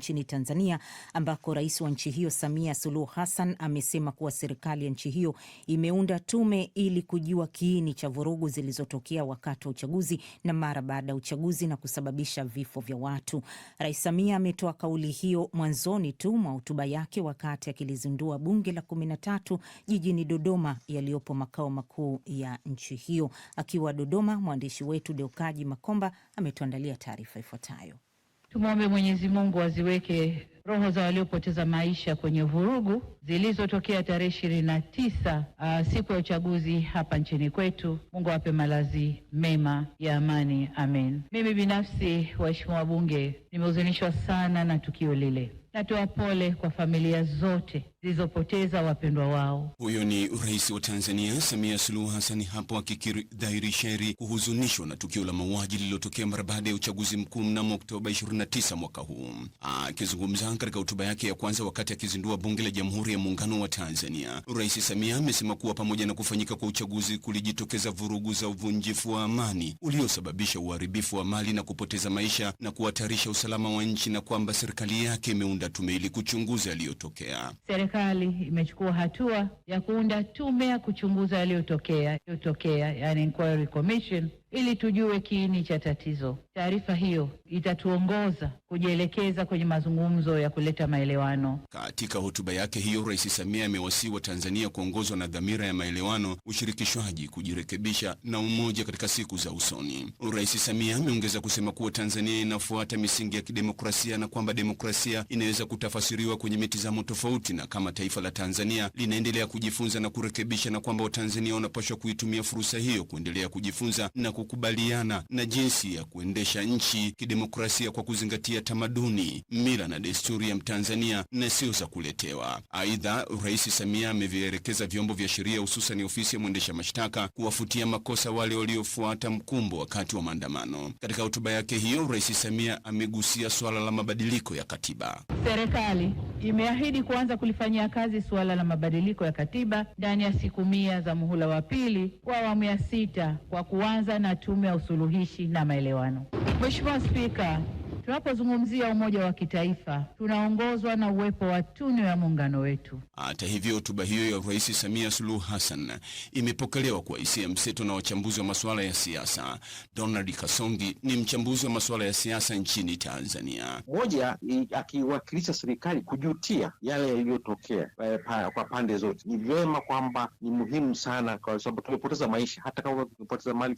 nchini Tanzania, ambako rais wa nchi hiyo Samia Suluhu Hassan amesema kuwa serikali ya nchi hiyo imeunda tume ili kujua kiini cha vurugu zilizotokea wakati wa uchaguzi na mara baada ya uchaguzi na kusababisha vifo vya watu. Rais Samia ametoa kauli hiyo mwanzoni tu mwa hotuba yake wakati akilizindua bunge la kumi na tatu jijini Dodoma yaliyopo makao makuu ya nchi hiyo. Akiwa Dodoma, mwandishi wetu Deukaji Makomba ametuandalia taarifa ifuatayo. Tumwombe Mwenyezi Mungu aziweke roho za waliopoteza maisha kwenye vurugu zilizotokea tarehe ishirini na tisa uh, siku ya uchaguzi hapa nchini kwetu. Mungu awape malazi mema ya amani, amen. Mimi binafsi, waheshimiwa wabunge, nimehuzunishwa sana na tukio lile. Natoa pole kwa familia zote zilizopoteza wapendwa wao. Huyo ni Rais wa Tanzania Samia Suluhu Hassan hapo akikiri dhahiri sheri kuhuzunishwa na tukio la mauaji lililotokea mara baada ya uchaguzi mkuu mnamo Oktoba 29 mwaka huu. Akizungumza katika hotuba yake ya kwanza wakati akizindua Bunge la Jamhuri ya Muungano wa Tanzania, Rais Samia amesema kuwa pamoja na kufanyika kwa uchaguzi kulijitokeza vurugu za uvunjifu wa amani uliosababisha uharibifu wa mali na kupoteza maisha na kuhatarisha usalama wa nchi na kwamba serikali yake imeunda kuunda tume ili kuchunguza yaliyotokea. Serikali imechukua hatua ya kuunda tume ya kuchunguza yaliyotokea yaliyotokea, yani inquiry commission ili tujue kiini cha tatizo. Taarifa hiyo itatuongoza kujielekeza kwenye mazungumzo ya kuleta maelewano. Katika hotuba yake hiyo, Rais Samia amewasihi Watanzania kuongozwa na dhamira ya maelewano, ushirikishwaji, kujirekebisha na umoja katika siku za usoni. Rais Samia ameongeza kusema kuwa Tanzania inafuata misingi ya kidemokrasia na kwamba demokrasia inaweza kutafasiriwa kwenye mitazamo tofauti, na kama taifa la Tanzania linaendelea kujifunza na kurekebisha, na kwamba Watanzania wanapaswa kuitumia fursa hiyo kuendelea kujifunza na kukubaliana na jinsi ya kuendesha nchi kidemokrasia kwa kuzingatia tamaduni, mila na desturi ya Mtanzania na sio za kuletewa. Aidha, Rais Samia amevielekeza vyombo vya sheria hususan ofisi ya mwendesha mashtaka kuwafutia makosa wale waliofuata mkumbo wakati wa maandamano. Katika hotuba yake hiyo, Rais Samia amegusia swala la mabadiliko ya katiba. Serikali imeahidi kuanza kulifanyia kazi suala la mabadiliko ya katiba ndani ya siku mia za muhula wa pili wa awamu ya sita kwa kuanza na tume ya usuluhishi na maelewano. Mheshimiwa Spika, Tunapozungumzia umoja wa kitaifa tunaongozwa na uwepo wa tunu ya muungano wetu. Hata hivyo, hotuba hiyo ya Rais Samia Suluhu Hassan imepokelewa kwa hisia mseto na wachambuzi wa masuala ya siasa. Donald Kasongi ni mchambuzi wa masuala ya siasa nchini Tanzania. Moja akiwakilisha serikali kujutia yale yaliyotokea eh, kwa pande zote, ni vyema kwamba ni muhimu sana, kwa sababu tumepoteza maisha, hata kama tumepoteza mali